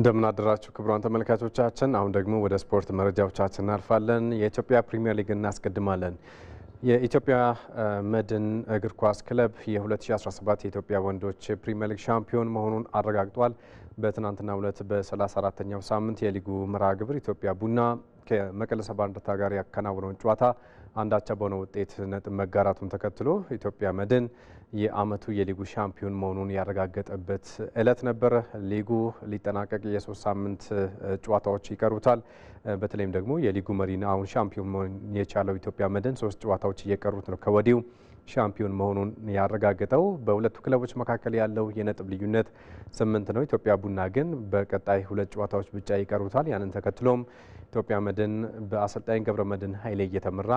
እንደምናደራችሁ ክቡራን ተመልካቾቻችን፣ አሁን ደግሞ ወደ ስፖርት መረጃዎቻችን እናልፋለን። የኢትዮጵያ ፕሪምየር ሊግ እናስቀድማለን። የኢትዮጵያ መድን እግር ኳስ ክለብ የ2017 የኢትዮጵያ ወንዶች ፕሪምየር ሊግ ሻምፒዮን መሆኑን አረጋግጧል። በትናንትናው ዕለት በ34ኛው ሳምንት የሊጉ ምራ ግብር ኢትዮጵያ ቡና ከመቀለ ሰባ እንደርታ ጋር ያከናውነውን ጨዋታ አንዳቻ በሆነ ውጤት ነጥብ መጋራቱን ተከትሎ ኢትዮጵያ መድን የአመቱ የሊጉ ሻምፒዮን መሆኑን ያረጋገጠበት እለት ነበር። ሊጉ ሊጠናቀቅ የሶስት ሳምንት ጨዋታዎች ይቀሩታል። በተለይም ደግሞ የሊጉ መሪና አሁን ሻምፒዮን መሆን የቻለው ኢትዮጵያ መድን ሶስት ጨዋታዎች እየቀሩት ነው ከወዲሁ ሻምፒዮን መሆኑን ያረጋግጠው። በሁለቱ ክለቦች መካከል ያለው የነጥብ ልዩነት ስምንት ነው። ኢትዮጵያ ቡና ግን በቀጣይ ሁለት ጨዋታዎች ብቻ ይቀሩታል። ያንን ተከትሎም ኢትዮጵያ መድን በአሰልጣኝ ገብረ መድን ኃይሌ እየተመራ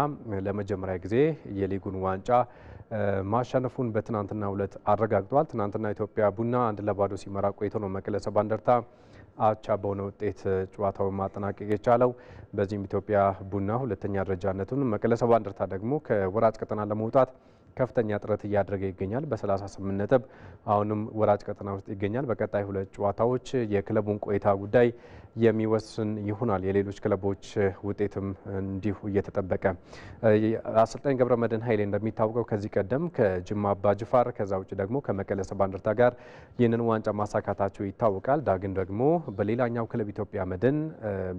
ለመጀመሪያ ጊዜ የሊጉን ዋንጫ ማሸነፉን በትናንትና ሁለት አረጋግጧል። ትናንትና ኢትዮጵያ ቡና አንድ ለባዶ ሲመራ ቆይቶ ነው መቀለ ሰባ እንደርታ አቻ በሆነ ውጤት ጨዋታውን ማጠናቀቅ የቻለው። በዚህም ኢትዮጵያ ቡና ሁለተኛ ደረጃነቱን፣ መቀለ ሰባ እንደርታ ደግሞ ከወራጭ ቀጠና ለመውጣት ከፍተኛ ጥረት እያደረገ ይገኛል። በ38 ነጥብ አሁንም ወራጅ ቀጠና ውስጥ ይገኛል። በቀጣይ ሁለት ጨዋታዎች የክለቡን ቆይታ ጉዳይ የሚወስን ይሆናል። የሌሎች ክለቦች ውጤትም እንዲሁ እየተጠበቀ አሰልጣኝ ገብረ መድህን ኃይሌ እንደሚታወቀው ከዚህ ቀደም ከጅማ አባ ጅፋር ከዛ ውጭ ደግሞ ከመቀለ ሰባ እንደርታ ጋር ይህንን ዋንጫ ማሳካታቸው ይታወቃል። ዳግን ደግሞ በሌላኛው ክለብ ኢትዮጵያ መድን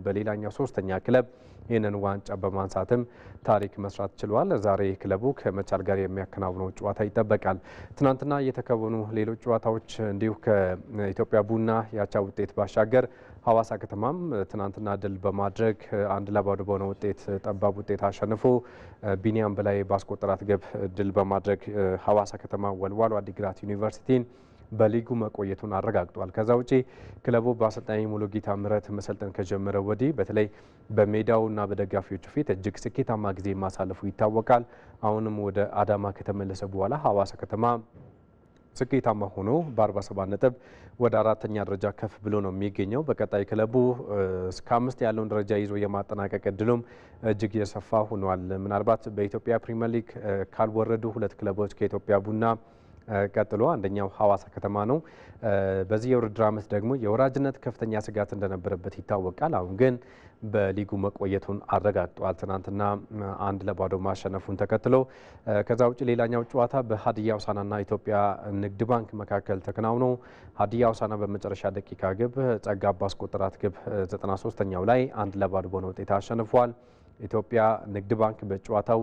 በሌላኛው ሶስተኛ ክለብ ይህንን ዋንጫ በማንሳትም ታሪክ መስራት ችሏል። ዛሬ ክለቡ ከመቻል ጋር የሚያከናውነው ጨዋታ ይጠበቃል። ትናንትና የተከወኑ ሌሎች ጨዋታዎች እንዲሁ ከኢትዮጵያ ቡና ያቻ ውጤት ባሻገር ሀዋሳ ከተማም ትናንትና ድል በማድረግ አንድ ለባዶ በሆነ ውጤት ጠባብ ውጤት አሸንፎ ቢኒያም በላይ ባስቆጠራት ግብ ድል በማድረግ ሀዋሳ ከተማ ወልዋሎ አዲግራት ዩኒቨርሲቲን በሊጉ መቆየቱን አረጋግጧል። ከዛ ውጪ ክለቡ በአሰልጣኝ ሙሉጌታ ምረት መሰልጠን ከጀመረ ወዲህ በተለይ በሜዳውና በደጋፊዎቹ ፊት እጅግ ስኬታማ ጊዜ ማሳለፉ ይታወቃል። አሁንም ወደ አዳማ ከተመለሰ በኋላ ሀዋሳ ከተማ ስኬታማ ሆኖ በ47 ነጥብ ወደ አራተኛ ደረጃ ከፍ ብሎ ነው የሚገኘው። በቀጣይ ክለቡ እስከ አምስት ያለውን ደረጃ ይዞ የማጠናቀቅ እድሉም እጅግ የሰፋ ሆኗል። ምናልባት በኢትዮጵያ ፕሪሚየር ሊግ ካልወረዱ ሁለት ክለቦች ከኢትዮጵያ ቡና ቀጥሎ አንደኛው ሀዋሳ ከተማ ነው። በዚህ የውድድር ዓመት ደግሞ የወራጅነት ከፍተኛ ስጋት እንደነበረበት ይታወቃል። አሁን ግን በሊጉ መቆየቱን አረጋግጧል። ትናንትና አንድ ለባዶ ማሸነፉን ተከትሎ ከዛ ውጭ ሌላኛው ጨዋታ በሀዲያ ውሳናና ኢትዮጵያ ንግድ ባንክ መካከል ተከናውኖ ሀዲያ ውሳና በመጨረሻ ደቂቃ ግብ ጸጋ ባስቆጠራት ግብ 93ኛው ላይ አንድ ለባዶ በሆነ ውጤት አሸንፏል። ኢትዮጵያ ንግድ ባንክ በጨዋታው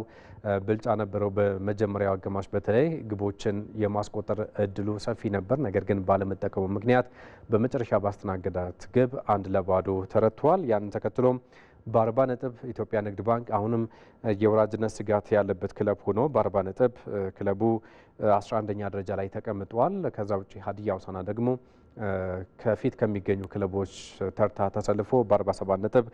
ብልጫ ነበረው። በመጀመሪያው አጋማሽ በተለይ ግቦችን የማስቆጠር እድሉ ሰፊ ነበር። ነገር ግን ባለመጠቀሙ ምክንያት በመጨረሻ ባስተናገዳት ግብ አንድ ለባዶ ተረቷል። ያንን ተከትሎም በአርባ ነጥብ ኢትዮጵያ ንግድ ባንክ አሁንም የወራጅነት ስጋት ያለበት ክለብ ሆኖ በአርባ ነጥብ ክለቡ አስራ አንደኛ ደረጃ ላይ ተቀምጧል። ከዛ ውጭ ሀዲያ ሆሳዕና ደግሞ ከፊት ከሚገኙ ክለቦች ተርታ ተሰልፎ በ47 ነጥብ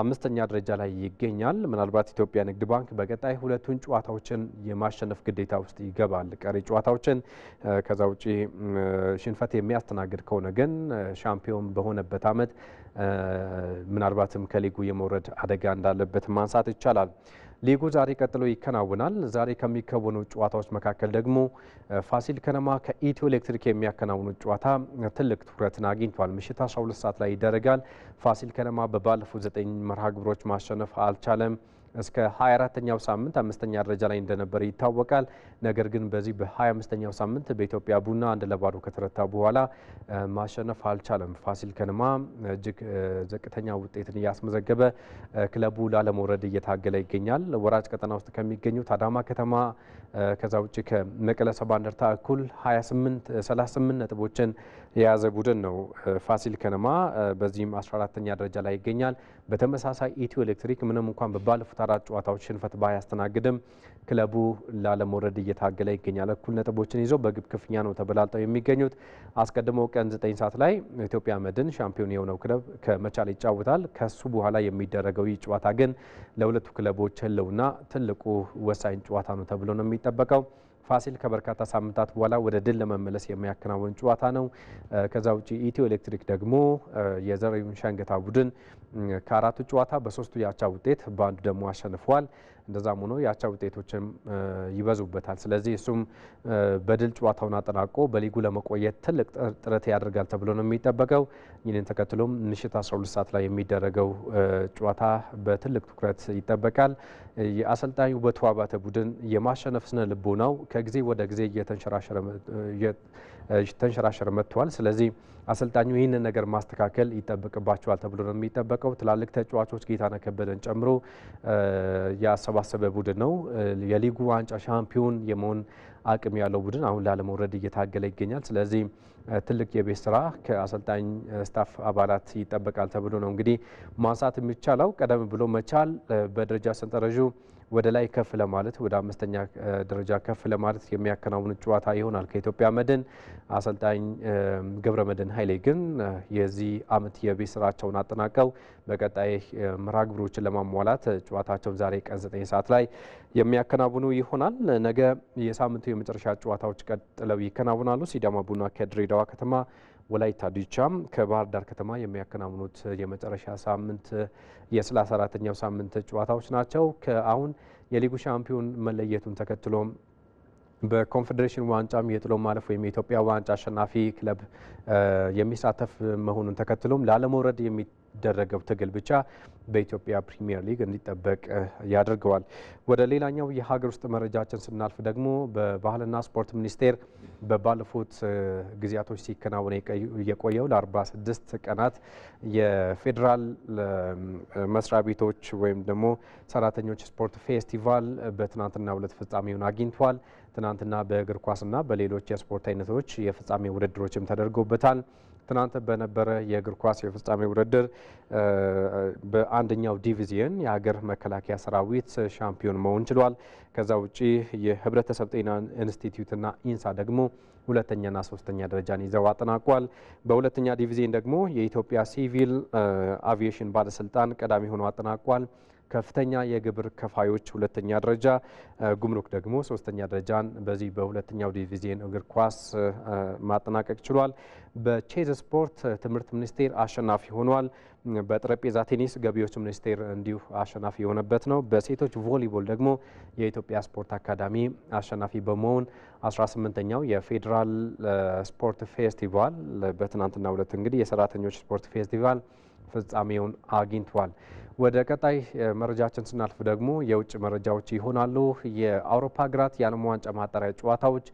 አምስተኛ ደረጃ ላይ ይገኛል። ምናልባት ኢትዮጵያ ንግድ ባንክ በቀጣይ ሁለቱን ጨዋታዎችን የማሸነፍ ግዴታ ውስጥ ይገባል። ቀሪ ጨዋታዎችን ከዛ ውጪ ሽንፈት የሚያስተናግድ ከሆነ ግን ሻምፒዮን በሆነበት ዓመት ምናልባትም ከሊጉ የመውረድ አደጋ እንዳለበት ማንሳት ይቻላል። ሊጉ ዛሬ ቀጥሎ ይከናወናል። ዛሬ ከሚከወኑ ጨዋታዎች መካከል ደግሞ ፋሲል ከነማ ከኢትዮ ኤሌክትሪክ የሚያከናውኑት ጨዋታ ትልቅ ትኩረትን አግኝቷል። ምሽት 12 ሰዓት ላይ ይደረጋል። ፋሲል ከነማ በባለፉት ዘጠኝ መርሃ ግብሮች ማሸነፍ አልቻለም። እስከ 24ኛው ሳምንት አምስተኛ ደረጃ ላይ እንደነበረ ይታወቃል። ነገር ግን በዚህ በ25ኛው ሳምንት በኢትዮጵያ ቡና አንድ ለባዶ ከተረታ በኋላ ማሸነፍ አልቻለም። ፋሲል ከነማ እጅግ ዝቅተኛ ውጤትን እያስመዘገበ ክለቡ ላለመውረድ እየታገለ ይገኛል። ወራጅ ቀጠና ውስጥ ከሚገኙት አዳማ ከተማ ከዛ ውጭ ከመቀለ ሰባ እንደርታ እኩል 28 38 ነጥቦችን የያዘ ቡድን ነው ፋሲል ከነማ። በዚህም 14ተኛ ደረጃ ላይ ይገኛል። በተመሳሳይ ኢትዮ ኤሌክትሪክ ምንም እንኳን በባለፉት አራት ጨዋታዎች ሽንፈት ባያስተናግድም ክለቡ ላለመውረድ እየታገለ ይገኛል። እኩል ነጥቦችን ይዞ በግብ ክፍኛ ነው ተበላልጠው የሚገኙት። አስቀድሞ ቀን 9 ሰዓት ላይ ኢትዮጵያ መድን ሻምፒዮን የሆነው ክለብ ከመቻል ይጫወታል። ከሱ በኋላ የሚደረገው ይህ ጨዋታ ግን ለሁለቱ ክለቦች ህልውና ትልቁ ወሳኝ ጨዋታ ነው ተብሎ ነው የሚጠበቀው። ፋሲል ከበርካታ ሳምንታት በኋላ ወደ ድል ለመመለስ የሚያከናውን ጨዋታ ነው። ከዛ ውጭ ኢትዮ ኤሌክትሪክ ደግሞ የዘሪሁን ሸንገታ ቡድን ከአራቱ ጨዋታ በሶስቱ ያቻ ውጤት በአንዱ ደግሞ አሸንፏል። እንደዛም ሆኖ የአቻ ውጤቶችም ይበዙበታል። ስለዚህ እሱም በድል ጨዋታውን አጠናቆ በሊጉ ለመቆየት ትልቅ ጥረት ያደርጋል ተብሎ ነው የሚጠበቀው። ይህንን ተከትሎም ምሽት 12 ሰዓት ላይ የሚደረገው ጨዋታ በትልቅ ትኩረት ይጠበቃል። የአሰልጣኝ የአሰልጣኙ በተዋባተ ቡድን የማሸነፍ ስነ ልቦናው ከጊዜ ወደ ጊዜ እየተንሸራሸረ ተንሸራሸር መጥቷል። ስለዚህ አሰልጣኙ ይህንን ነገር ማስተካከል ይጠበቅባቸዋል ተብሎ ነው የሚጠበቀው። ትላልቅ ተጫዋቾች ጌታነህ ከበደን ጨምሮ ያሰባሰበ ቡድን ነው። የሊጉ ዋንጫ ሻምፒዮን የመሆን አቅም ያለው ቡድን አሁን ላለመውረድ እየታገለ ይገኛል። ስለዚህ ትልቅ የቤት ስራ ከአሰልጣኝ ስታፍ አባላት ይጠበቃል ተብሎ ነው እንግዲህ ማንሳት የሚቻለው። ቀደም ብሎ መቻል በደረጃ ሰንጠረዡ ወደ ላይ ከፍ ለማለት ወደ አምስተኛ ደረጃ ከፍ ለማለት የሚያከናውኑት ጨዋታ ይሆናል ከኢትዮጵያ መድን። አሰልጣኝ ገብረ መድን ኃይሌ ግን የዚህ አመት የቤት ስራቸውን አጠናቀው በቀጣይ መርሃ ግብሮችን ለማሟላት ጨዋታቸውን ዛሬ ቀን ዘጠኝ ሰዓት ላይ የሚያከናውኑ ይሆናል። ነገ የሳምንቱ የመጨረሻ ጨዋታዎች ቀጥለው ይከናውናሉ። ሲዳማ ቡና ከድሬ ድሬዳዋ ከተማ ወላይታ ዲቻም ከባህር ዳር ከተማ የሚያከናውኑት የመጨረሻ ሳምንት የ 34 ሳምንት ጨዋታዎች ናቸው። ከአሁን የሊጉ ሻምፒዮን መለየቱን ተከትሎ በኮንፌዴሬሽን ዋንጫም የጥሎ ማለፍ ወይም የኢትዮጵያ ዋንጫ አሸናፊ ክለብ የሚሳተፍ መሆኑን ተከትሎም ላለመውረድ የሚ የሚደረገው ትግል ብቻ በኢትዮጵያ ፕሪሚየር ሊግ እንዲጠበቅ ያደርገዋል። ወደ ሌላኛው የሀገር ውስጥ መረጃችን ስናልፍ ደግሞ በባህልና ስፖርት ሚኒስቴር በባለፉት ጊዜያቶች ሲከናወን የቆየው ለ46 ቀናት የፌዴራል መስሪያ ቤቶች ወይም ደግሞ ሰራተኞች ስፖርት ፌስቲቫል በትናንትና ሁለት ፍጻሜውን አግኝቷል። ትናንትና በእግር ኳስና በሌሎች የስፖርት አይነቶች የፍጻሜ ውድድሮችም ተደርገውበታል። ትናንት በነበረ የእግር ኳስ የፍጻሜ ውድድር በአንደኛው ዲቪዚየን የሀገር መከላከያ ሰራዊት ሻምፒዮን መሆን ችሏል። ከዛ ውጪ የህብረተሰብ ጤና ኢንስቲትዩትና ኢንሳ ደግሞ ሁለተኛና ሶስተኛ ደረጃን ይዘው አጠናቋል። በሁለተኛ ዲቪዚየን ደግሞ የኢትዮጵያ ሲቪል አቪዬሽን ባለስልጣን ቀዳሚ ሆኖ አጠናቋል። ከፍተኛ የግብር ከፋዮች ሁለተኛ ደረጃ፣ ጉምሩክ ደግሞ ሶስተኛ ደረጃን በዚህ በሁለተኛው ዲቪዚየን እግር ኳስ ማጠናቀቅ ችሏል። በቼዝ ስፖርት ትምህርት ሚኒስቴር አሸናፊ ሆኗል። በጠረጴዛ ቴኒስ ገቢዎች ሚኒስቴር እንዲሁ አሸናፊ የሆነበት ነው። በሴቶች ቮሊቦል ደግሞ የኢትዮጵያ ስፖርት አካዳሚ አሸናፊ በመሆን 18ኛው የፌዴራል ስፖርት ፌስቲቫል በትናንትናው ዕለት እንግዲህ የሰራተኞች ስፖርት ፌስቲቫል ፍጻሜውን አግኝቷል። ወደ ቀጣይ መረጃችን ስናልፍ ደግሞ የውጭ መረጃዎች ይሆናሉ። የአውሮፓ ሀገራት የዓለም ዋንጫ ማጣሪያ ጨዋታዎች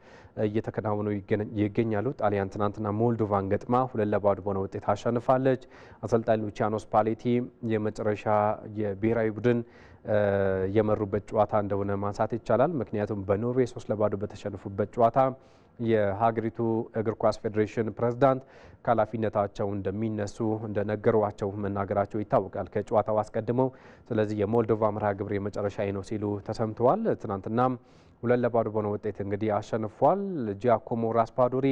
እየተከናወኑ ይገኛሉ። ጣሊያን ትናንትና ሞልዶቫን ገጥማ ሁለት ለባዶ በሆነ ውጤት አሸንፋለች። አሰልጣኝ ሉቺያኖ ስፓሌቲ የመጨረሻ የብሔራዊ ቡድን የመሩበት ጨዋታ እንደሆነ ማንሳት ይቻላል። ምክንያቱም በኖርዌይ ሶስት ለባዶ በተሸነፉበት ጨዋታ የሀገሪቱ እግር ኳስ ፌዴሬሽን ፕሬዝዳንት ከኃላፊነታቸው እንደሚነሱ እንደነገሯቸው መናገራቸው ይታወቃል። ከጨዋታው አስቀድመው ስለዚህ የሞልዶቫ መርሃ ግብር የመጨረሻ ነው ሲሉ ተሰምተዋል። ትናንትናም ሁለት ለባዶ በሆነ ውጤት እንግዲህ አሸንፏል። ጂያኮሞ ራስፓዶሪ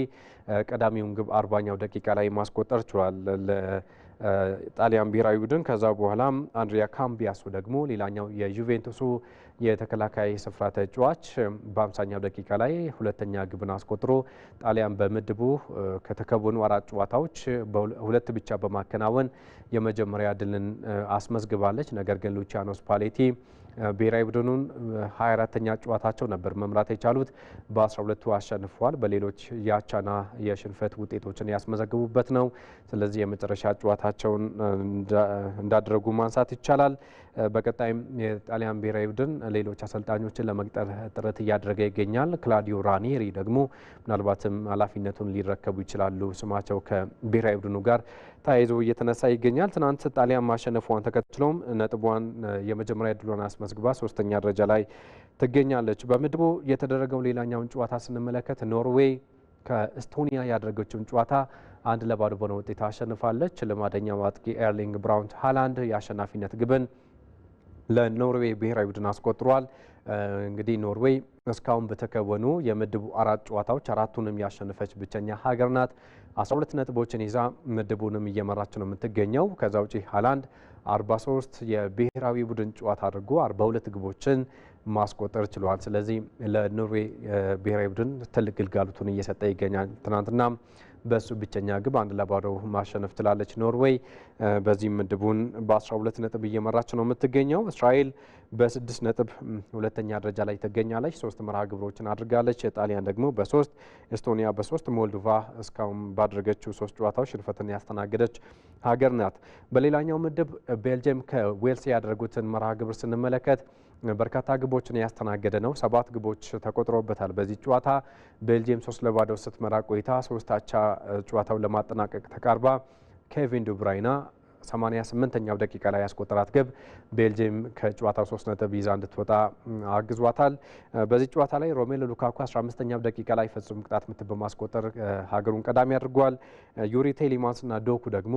ቀዳሚውን ግብ አርባኛው ደቂቃ ላይ ማስቆጠር ችሏል ለጣሊያን ብሔራዊ ቡድን። ከዛ በኋላ አንድሪያ ካምቢያሱ ደግሞ ሌላኛው የዩቬንቱሱ የተከላካይ ስፍራ ተጫዋች በአምሳኛው ደቂቃ ላይ ሁለተኛ ግብን አስቆጥሮ ጣሊያን በምድቡ ከተከወኑ አራት ጨዋታዎች ሁለት ብቻ በማከናወን የመጀመሪያ ድልን አስመዝግባለች። ነገር ግን ሉቺያኖ ስፓሌቲ ብሔራዊ ቡድኑን 24ተኛ ጨዋታቸው ነበር መምራት የቻሉት። በ12ቱ አሸንፏል። በሌሎች የአቻና የሽንፈት ውጤቶችን ያስመዘግቡበት ነው። ስለዚህ የመጨረሻ ጨዋታቸውን እንዳደረጉ ማንሳት ይቻላል። በቀጣይም የጣሊያን ብሔራዊ ቡድን ሌሎች አሰልጣኞችን ለመቅጠር ጥረት እያደረገ ይገኛል። ክላዲዮ ራኒሪ ደግሞ ምናልባትም ኃላፊነቱን ሊረከቡ ይችላሉ ስማቸው ከብሔራዊ ቡድኑ ጋር ተያይዞ እየተነሳ ይገኛል። ትናንት ጣሊያን ማሸነፏን ተከትሎም ነጥቧን የመጀመሪያ ድሏን አስመዝግባ ሶስተኛ ደረጃ ላይ ትገኛለች። በምድቡ የተደረገው ሌላኛውን ጨዋታ ስንመለከት ኖርዌይ ከኤስቶኒያ ያደረገችውን ጨዋታ አንድ ለባዶ በሆነ ውጤት አሸንፋለች። ልማደኛው አጥቂ ኤርሊንግ ብራውንት ሃላንድ የአሸናፊነት ግብን ለኖርዌይ ብሔራዊ ቡድን አስቆጥሯል። እንግዲህ ኖርዌይ እስካሁን በተከወኑ የምድቡ አራት ጨዋታዎች አራቱንም ያሸነፈች ብቸኛ ሀገር ናት። 12 ነጥቦችን ይዛ ምድቡንም እየመራች ነው የምትገኘው። ከዛ ውጪ ሀላንድ 43 የብሔራዊ ቡድን ጨዋታ አድርጎ 42 ግቦችን ማስቆጠር ችሏል። ስለዚህ ለኖርዌይ ብሔራዊ ቡድን ትልቅ ግልጋሎቱን እየሰጠ ይገኛል። ትናንትና በሱ ብቸኛ ግብ አንድ ለባዶ ማሸነፍ ትላለች ኖርዌይ። በዚህም ምድቡን በ12 ነጥብ እየመራች ነው የምትገኘው። እስራኤል በ6 ነጥብ ሁለተኛ ደረጃ ላይ ትገኛለች። ሶስት መርሃ ግብሮችን አድርጋለች። ጣሊያን ደግሞ በሶስት ኤስቶኒያ በ3፣ ሞልዶቫ እስካሁን ባደረገችው ሶስት ጨዋታዎች ሽንፈትን ያስተናገደች ሀገር ናት። በሌላኛው ምድብ ቤልጅየም ከዌልስ ያደረጉትን መርሃ ግብር ስንመለከት በርካታ ግቦችን ያስተናገደ ነው። ሰባት ግቦች ተቆጥሮበታል። በዚህ ጨዋታ ቤልጅየም ሶስት ለባዶ ስትመራ ቆይታ ሶስት አቻ ጨዋታውን ለማጠናቀቅ ተቃርባ ኬቪን ዱብራይና 88ኛው ደቂቃ ላይ ያስቆጠራት ግብ ቤልጅየም ከጨዋታው 3 ነጥብ ይዛ እንድትወጣ አግዟታል። በዚህ ጨዋታ ላይ ሮሜሎ ሉካኩ 15ኛው ደቂቃ ላይ ፍጹም ቅጣት ምት በማስቆጠር ሀገሩን ቀዳሚ አድርጓል። ዩሪ ቴሊማንስና ዶኩ ደግሞ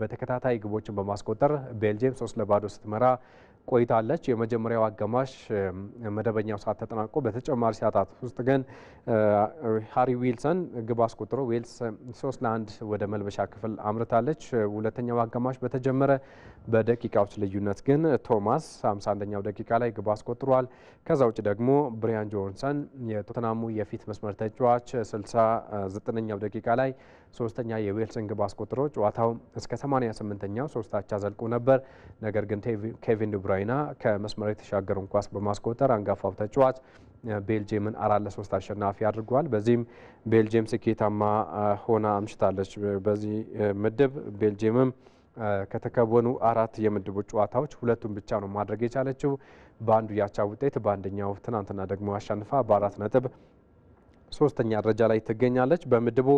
በተከታታይ ግቦችን በማስቆጠር ቤልጅየም 3 ለባዶ ስትመራ ቆይታለች። የመጀመሪያው አጋማሽ መደበኛው ሰዓት ተጠናቆ በተጨማሪ ሰዓታት ውስጥ ግን ሃሪ ዊልሰን ግብ አስቆጥሮ ዌልስ ሶስት ለአንድ ወደ መልበሻ ክፍል አምርታለች። ሁለተኛው አጋማሽ በተጀመረ በደቂቃዎች ልዩነት ግን ቶማስ 51ኛው ደቂቃ ላይ ግብ አስቆጥሯል። ከዛ ውጭ ደግሞ ብሪያን ጆንሰን የቶተናሙ የፊት መስመር ተጫዋች 69ኛው ደቂቃ ላይ ሶስተኛ የዌልስን ግብ አስቆጥሮ ጨዋታው እስከ 88ኛው ሶስት ዘልቆ ነበር። ነገር ግን ኬቪን ዱብራይና ከመስመር የተሻገሩን ኳስ በማስቆጠር አንጋፋው ተጫዋች ቤልጅየምን አራት ለሶስት አሸናፊ አድርጓል። በዚህም ቤልጅየም ስኬታማ ሆና አምሽታለች። በዚህ ምድብ ቤልጅየምም ከተከወኑ አራት የምድቦች ጨዋታዎች ሁለቱን ብቻ ነው ማድረግ የቻለችው። በአንዱ ያቻ ውጤት በአንደኛው ትናንትና ደግሞ አሸንፋ በአራት ነጥብ ሶስተኛ ደረጃ ላይ ትገኛለች። በምድቡ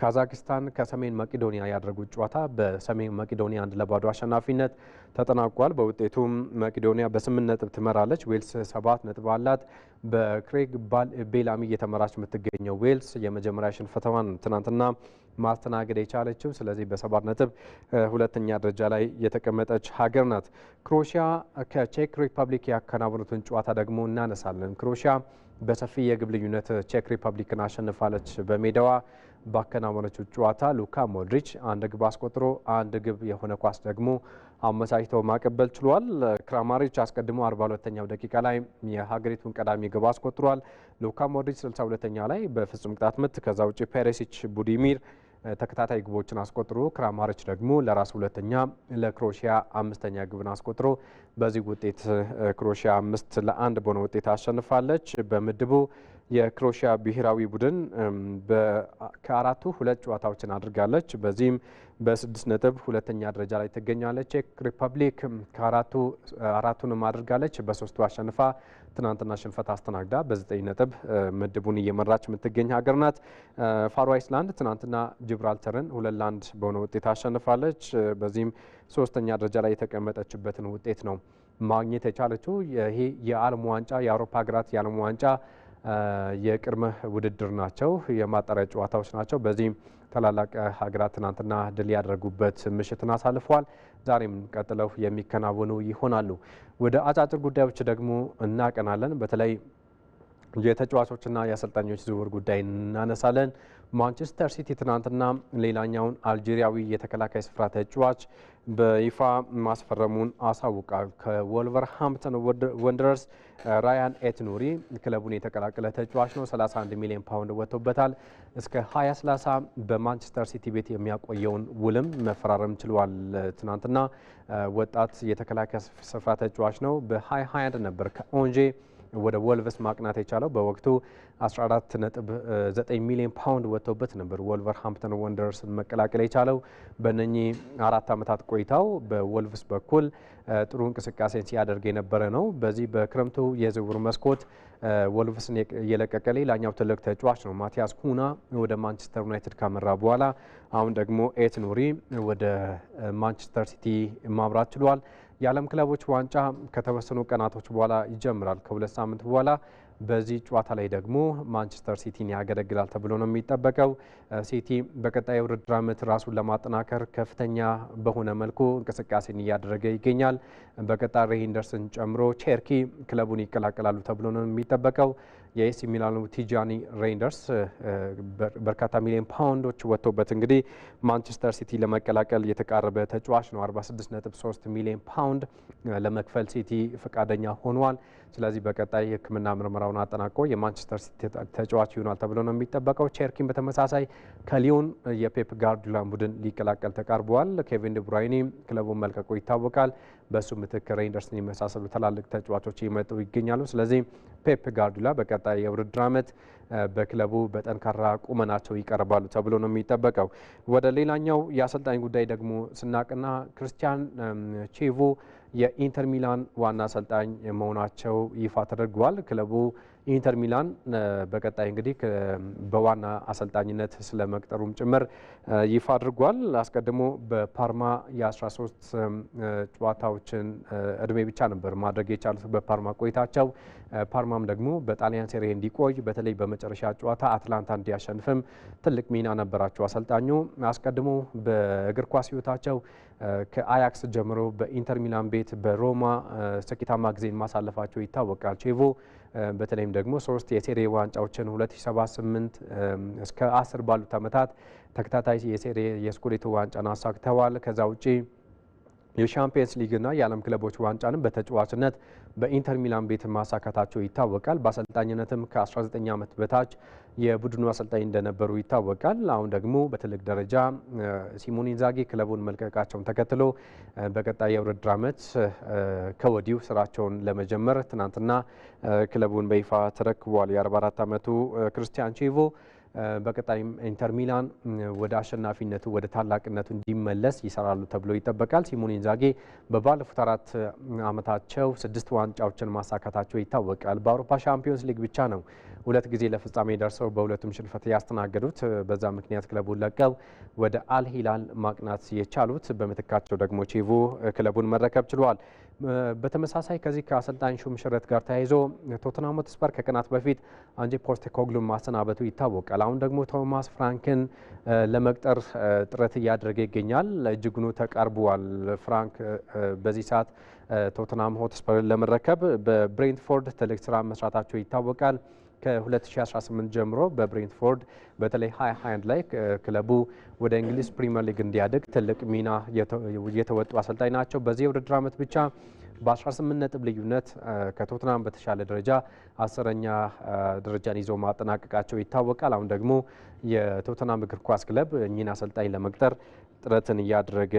ካዛክስታን ከሰሜን መቄዶኒያ ያደረጉት ጨዋታ በሰሜን መቄዶኒያ አንድ ለባዶ አሸናፊነት ተጠናቋል። በውጤቱም መቄዶኒያ በስምንት ነጥብ ትመራለች። ዌልስ ሰባት ነጥብ አላት። በክሬግ ቤላሚ እየተመራች የምትገኘው ዌልስ የመጀመሪያ ሽንፈተዋን ትናንትና ማስተናገድ የቻለችው። ስለዚህ በሰባት ነጥብ ሁለተኛ ደረጃ ላይ የተቀመጠች ሀገር ናት። ክሮሽያ ከቼክ ሪፐብሊክ ያከናወኑትን ጨዋታ ደግሞ እናነሳለን። ክሮሽያ በሰፊ የግብ ልዩነት ቼክ ሪፐብሊክን አሸንፋለች። በሜዳዋ ባከናወነችው ጨዋታ ሉካ ሞድሪች አንድ ግብ አስቆጥሮ አንድ ግብ የሆነ ኳስ ደግሞ አመቻችተው ማቀበል ችሏል። ክራማሪች አስቀድሞ 42ኛው ደቂቃ ላይ የሀገሪቱን ቀዳሚ ግብ አስቆጥሯል። ሉካ ሞድሪች 62ኛ ላይ በፍጹም ቅጣት ምት፣ ከዛ ውጭ ፔሬሲች ቡዲሚር ተከታታይ ግቦችን አስቆጥሮ ክራማሪች ደግሞ ለራሱ ሁለተኛ ለክሮኤሽያ አምስተኛ ግብን አስቆጥሮ በዚህ ውጤት ክሮኤሽያ አምስት ለአንድ በሆነ ውጤት አሸንፋለች። በምድቡ የክሮኤሽያ ብሔራዊ ቡድን ከአራቱ ሁለት ጨዋታዎችን አድርጋለች። በዚህም በስድስት ነጥብ ሁለተኛ ደረጃ ላይ ትገኛለች። ቼክ ሪፐብሊክ ከአራቱ አራቱንም አድርጋለች፣ በሶስቱ አሸንፋ ትናንትና ሽንፈት አስተናግዳ በ9 ነጥብ ምድቡን እየመራች የምትገኝ ሀገር ናት። ፋሮ አይስላንድ ትናንትና ጅብራልተርን ሁለት ለአንድ በሆነ ውጤት አሸንፋለች። በዚህም ሶስተኛ ደረጃ ላይ የተቀመጠችበትን ውጤት ነው ማግኘት የቻለችው። ይሄ የዓለም ዋንጫ የአውሮፓ ሀገራት የዓለም ዋንጫ የቅድመ ውድድር ናቸው፣ የማጣሪያ ጨዋታዎች ናቸው። በዚህም ታላላቅ ሀገራት ትናንትና ድል ያደረጉበት ምሽትን አሳልፈዋል። ዛሬም ቀጥለው የሚከናወኑ ይሆናሉ። ወደ አጫጭር ጉዳዮች ደግሞ እናቀናለን። በተለይ የተጫዋቾችና የአሰልጣኞች ዝውውር ጉዳይ እናነሳለን። ማንቸስተር ሲቲ ትናንትና ሌላኛውን አልጄሪያዊ የተከላካይ ስፍራ ተጫዋች በይፋ ማስፈረሙን ከወልቨር ከወልቨርሃምፕተን ወንደረርስ ራያን ኤትኑሪ ክለቡን የተቀላቀለ ተጫዋች ነው። 31 ሚሊዮን ፓውንድ ወጥቶበታል። እስከ 2030 በማንቸስተር ሲቲ ቤት የሚያቆየውን ውልም መፈራረም ችሏል። ትናንትና ወጣት የተከላካይ ስፍራ ተጫዋች ነው። በ2021 ነበር ከኦንጄ ወደ ወልቨስ ማቅናት የቻለው በወቅቱ 14.9 ሚሊዮን ፓውንድ ወጥቶበት ነበር። ወልቨር ሃምፕተን ወንደረርስን መቀላቀል የቻለው በነኚህ አራት ዓመታት ቆይታው በወልቭስ በኩል ጥሩ እንቅስቃሴን ሲያደርግ የነበረ ነው። በዚህ በክረምቱ የዝውውር መስኮት ወልቭስን የለቀቀ ሌላኛው ትልቅ ተጫዋች ነው ማቲያስ ኩና ወደ ማንቸስተር ዩናይትድ ካመራ በኋላ አሁን ደግሞ ኤት ኑሪ ወደ ማንቸስተር ሲቲ ማምራት ችሏል። የዓለም ክለቦች ዋንጫ ከተወሰኑ ቀናቶች በኋላ ይጀምራል። ከሁለት ሳምንት በኋላ በዚህ ጨዋታ ላይ ደግሞ ማንቸስተር ሲቲን ያገለግላል ተብሎ ነው የሚጠበቀው። ሲቲ በቀጣይ የውድድር ዓመት ራሱን ለማጠናከር ከፍተኛ በሆነ መልኩ እንቅስቃሴን እያደረገ ይገኛል። በቀጣይ ሬንደርስን ጨምሮ ቼርኪ ክለቡን ይቀላቀላሉ ተብሎ ነው የሚጠበቀው። የኤሲ ሚላኑ ቲጃኒ ሬንደርስ በርካታ ሚሊዮን ፓውንዶች ወጥቶበት እንግዲህ ማንቸስተር ሲቲ ለመቀላቀል የተቃረበ ተጫዋች ነው። 46.3 ሚሊዮን ፓውንድ ለመክፈል ሲቲ ፈቃደኛ ሆኗል። ስለዚህ በቀጣይ የሕክምና ምርመራውን አጠናቆ የማንቸስተር ሲቲ ተጫዋች ይሆናል ተብሎ ነው የሚጠበቀው። ቼርኪን በተመሳሳይ ከሊዮን የፔፕ ጋርዲዮላን ቡድን ሊቀላቀል ተቃርበዋል። ኬቪን ብራይኒ ክለቡን መልቀቁ ይታወቃል። በእሱ ምትክ ሬንደርስን የመሳሰሉ ትላልቅ ተጫዋቾች ይመጡ ይገኛሉ። ስለዚህ ፔፕ ጋርዲላ በቀጣይ የውድድር ዓመት በክለቡ በጠንካራ ቁመናቸው ይቀርባሉ ተብሎ ነው የሚጠበቀው። ወደ ሌላኛው የአሰልጣኝ ጉዳይ ደግሞ ስናቅና ክርስቲያን ቼቮ የኢንተር ሚላን ዋና አሰልጣኝ መሆናቸው ይፋ ተደርጓል። ክለቡ ኢንተር ሚላን በቀጣይ እንግዲህ በዋና አሰልጣኝነት ስለመቅጠሩም ጭምር ይፋ አድርጓል። አስቀድሞ በፓርማ የ13 ጨዋታዎችን እድሜ ብቻ ነበር ማድረግ የቻሉት በፓርማ ቆይታቸው። ፓርማም ደግሞ በጣሊያን ሴሬ እንዲቆይ በተለይ በመጨረሻ ጨዋታ አትላንታ እንዲያሸንፍም ትልቅ ሚና ነበራቸው አሰልጣኙ። አስቀድሞ በእግር ኳስ ሕይወታቸው ከአያክስ ጀምሮ በኢንተር ሚላን ቤት፣ በሮማ ስኬታማ ጊዜን ማሳለፋቸው ይታወቃል። ቼቮ በተለይም ደግሞ ሶስት የሴሬ ዋንጫዎችን 2078 እስከ 10 ባሉት ዓመታት ተከታታይ የሴሬ የስኩዴቶ ዋንጫን አሳክተዋል። ከዛ ውጪ የሻምፒየንስ ሊግና የዓለም ክለቦች ዋንጫንም በተጫዋችነት በኢንተር ሚላን ቤት ማሳካታቸው ይታወቃል። በአሰልጣኝነትም ከ19 ዓመት በታች የቡድኑ አሰልጣኝ እንደነበሩ ይታወቃል። አሁን ደግሞ በትልቅ ደረጃ ሲሞን ኢንዛጌ ክለቡን መልቀቃቸውን ተከትሎ በቀጣይ የውድድር ዓመት ከወዲሁ ስራቸውን ለመጀመር ትናንትና ክለቡን በይፋ ተረክቧል። የ44 ዓመቱ ክርስቲያን ቼቮ በቀጣይም ኢንተር ሚላን ወደ አሸናፊነቱ ወደ ታላቅነቱ እንዲመለስ ይሰራሉ ተብሎ ይጠበቃል። ሲሞኔ ኢንዛጌ በባለፉት አራት ዓመታቸው ስድስት ዋንጫዎችን ማሳካታቸው ይታወቃል። በአውሮፓ ሻምፒዮንስ ሊግ ብቻ ነው ሁለት ጊዜ ለፍጻሜ ደርሰው በሁለቱም ሽንፈት ያስተናገዱት። በዛ ምክንያት ክለቡን ለቀው ወደ አልሂላል ማቅናት የቻሉት በምትካቸው ደግሞ ቼቮ ክለቡን መረከብ ችሏል። በተመሳሳይ ከዚህ ከአሰልጣኝ ሹም ሽረት ጋር ተያይዞ ቶተናም ሆትስፐር ከቀናት በፊት አንጄ ፖስቴኮግሉን ማሰናበቱ ይታወቃል። አሁን ደግሞ ቶማስ ፍራንክን ለመቅጠር ጥረት እያደረገ ይገኛል። እጅጉኑ ተቃርቧል። ፍራንክ በዚህ ሰዓት ቶተንሃም ሆትስፐርን ለመረከብ በብሬንትፎርድ ትልቅ ስራ መስራታቸው ይታወቃል። ከ2018 ጀምሮ በብሬንትፎርድ በተለይ 2021 ላይ ክለቡ ወደ እንግሊዝ ፕሪምየር ሊግ እንዲያደግ ትልቅ ሚና የተወጡ አሰልጣኝ ናቸው። በዚህ የውድድር ዓመት ብቻ በ18 ነጥብ ልዩነት ከቶትናም በተሻለ ደረጃ አስረኛ ደረጃን ይዞ ማጠናቀቃቸው ይታወቃል። አሁን ደግሞ የቶትናም እግር ኳስ ክለብ እኚህን አሰልጣኝ ለመቅጠር ጥረትን እያደረገ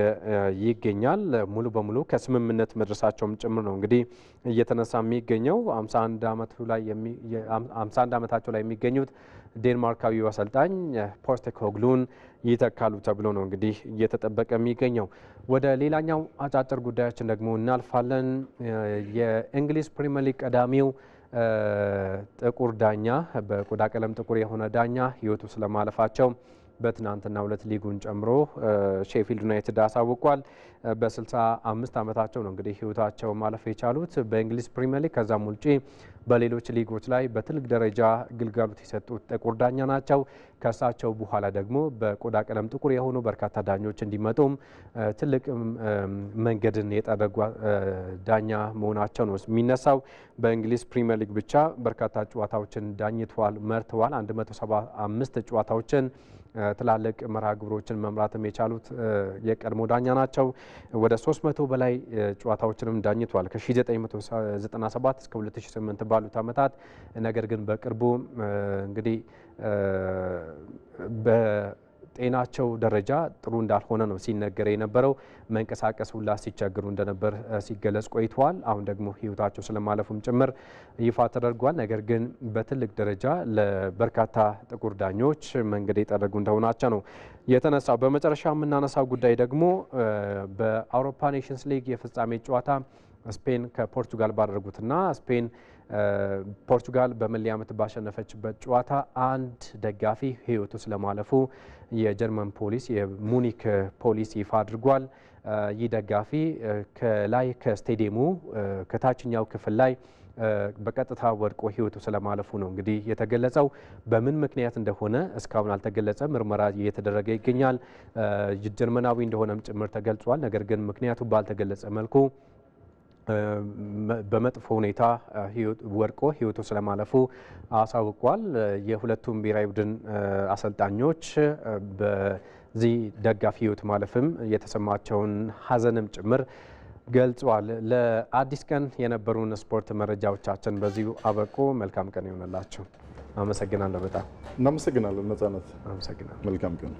ይገኛል። ሙሉ በሙሉ ከስምምነት መድረሳቸውም ጭምር ነው እንግዲህ እየተነሳ የሚገኘው 51 ዓመታቸው ላይ የሚገኙት ዴንማርካዊው አሰልጣኝ ፖስተኮግሉን ይተካሉ ተብሎ ነው እንግዲህ እየተጠበቀ የሚገኘው። ወደ ሌላኛው አጫጭር ጉዳያችን ደግሞ እናልፋለን። የእንግሊዝ ፕሪምየር ሊግ ቀዳሚው ጥቁር ዳኛ በቆዳ ቀለም ጥቁር የሆነ ዳኛ ህይወቱ ስለማለፋቸው በትናንትናው ዕለት ሊጉን ጨምሮ ሼፊልድ ዩናይትድ አሳውቋል። በ65 ዓመታቸው ነው እንግዲህ ህይወታቸው ማለፍ የቻሉት በእንግሊዝ ፕሪሚየር ሊግ ከዛም ውጪ በሌሎች ሊጎች ላይ በትልቅ ደረጃ ግልጋሎት የሰጡት ጥቁር ዳኛ ናቸው። ከእሳቸው በኋላ ደግሞ በቆዳ ቀለም ጥቁር የሆኑ በርካታ ዳኞች እንዲመጡም ትልቅ መንገድን የጠረጉ ዳኛ መሆናቸው ነው የሚነሳው። በእንግሊዝ ፕሪሚየር ሊግ ብቻ በርካታ ጨዋታዎችን ዳኝተዋል፣ መርተዋል። 175 ጨዋታዎችን ትላልቅ መርሃ ግብሮችን መምራትም የቻሉት የቀድሞ ዳኛ ናቸው። ወደ 300 በላይ ጨዋታዎችንም ዳኝቷል ከ1997 እስከ 2008 ባሉት ዓመታት። ነገር ግን በቅርቡ እንግዲህ ጤናቸው ደረጃ ጥሩ እንዳልሆነ ነው ሲነገር የነበረው። መንቀሳቀስ ሁላ ሲቸግሩ እንደነበር ሲገለጽ ቆይተዋል። አሁን ደግሞ ሕይወታቸው ስለማለፉም ጭምር ይፋ ተደርጓል። ነገር ግን በትልቅ ደረጃ ለበርካታ ጥቁር ዳኞች መንገድ የጠረጉ እንደሆናቸው ነው የተነሳው። በመጨረሻ የምናነሳው ጉዳይ ደግሞ በአውሮፓ ኔሽንስ ሊግ የፍጻሜ ጨዋታ ስፔን ከፖርቱጋል ባደረጉትና ስፔን ፖርቱጋል በመለያ ምት ባሸነፈችበት ጨዋታ አንድ ደጋፊ ህይወቱ ስለማለፉ የጀርመን ፖሊስ የሙኒክ ፖሊስ ይፋ አድርጓል። ይህ ደጋፊ ከላይ ከስቴዲየሙ ከታችኛው ክፍል ላይ በቀጥታ ወድቆ ህይወቱ ስለማለፉ ነው እንግዲህ የተገለጸው። በምን ምክንያት እንደሆነ እስካሁን አልተገለጸ፣ ምርመራ እየተደረገ ይገኛል። ጀርመናዊ እንደሆነም ጭምር ተገልጿል። ነገር ግን ምክንያቱ ባልተገለጸ መልኩ በመጥፎ ሁኔታ ወድቆ ህይወቱ ስለማለፉ አሳውቋል። የሁለቱም ብሔራዊ ቡድን አሰልጣኞች በዚህ ደጋፊ ህይወት ማለፍም የተሰማቸውን ሀዘንም ጭምር ገልጿል። ለአዲስ ቀን የነበሩን ስፖርት መረጃዎቻችን በዚሁ አበቁ። መልካም ቀን ይሆንላችሁ። አመሰግናለሁ። በጣም እናመሰግናለን ነጻነት። አመሰግናለሁ። መልካም ቀን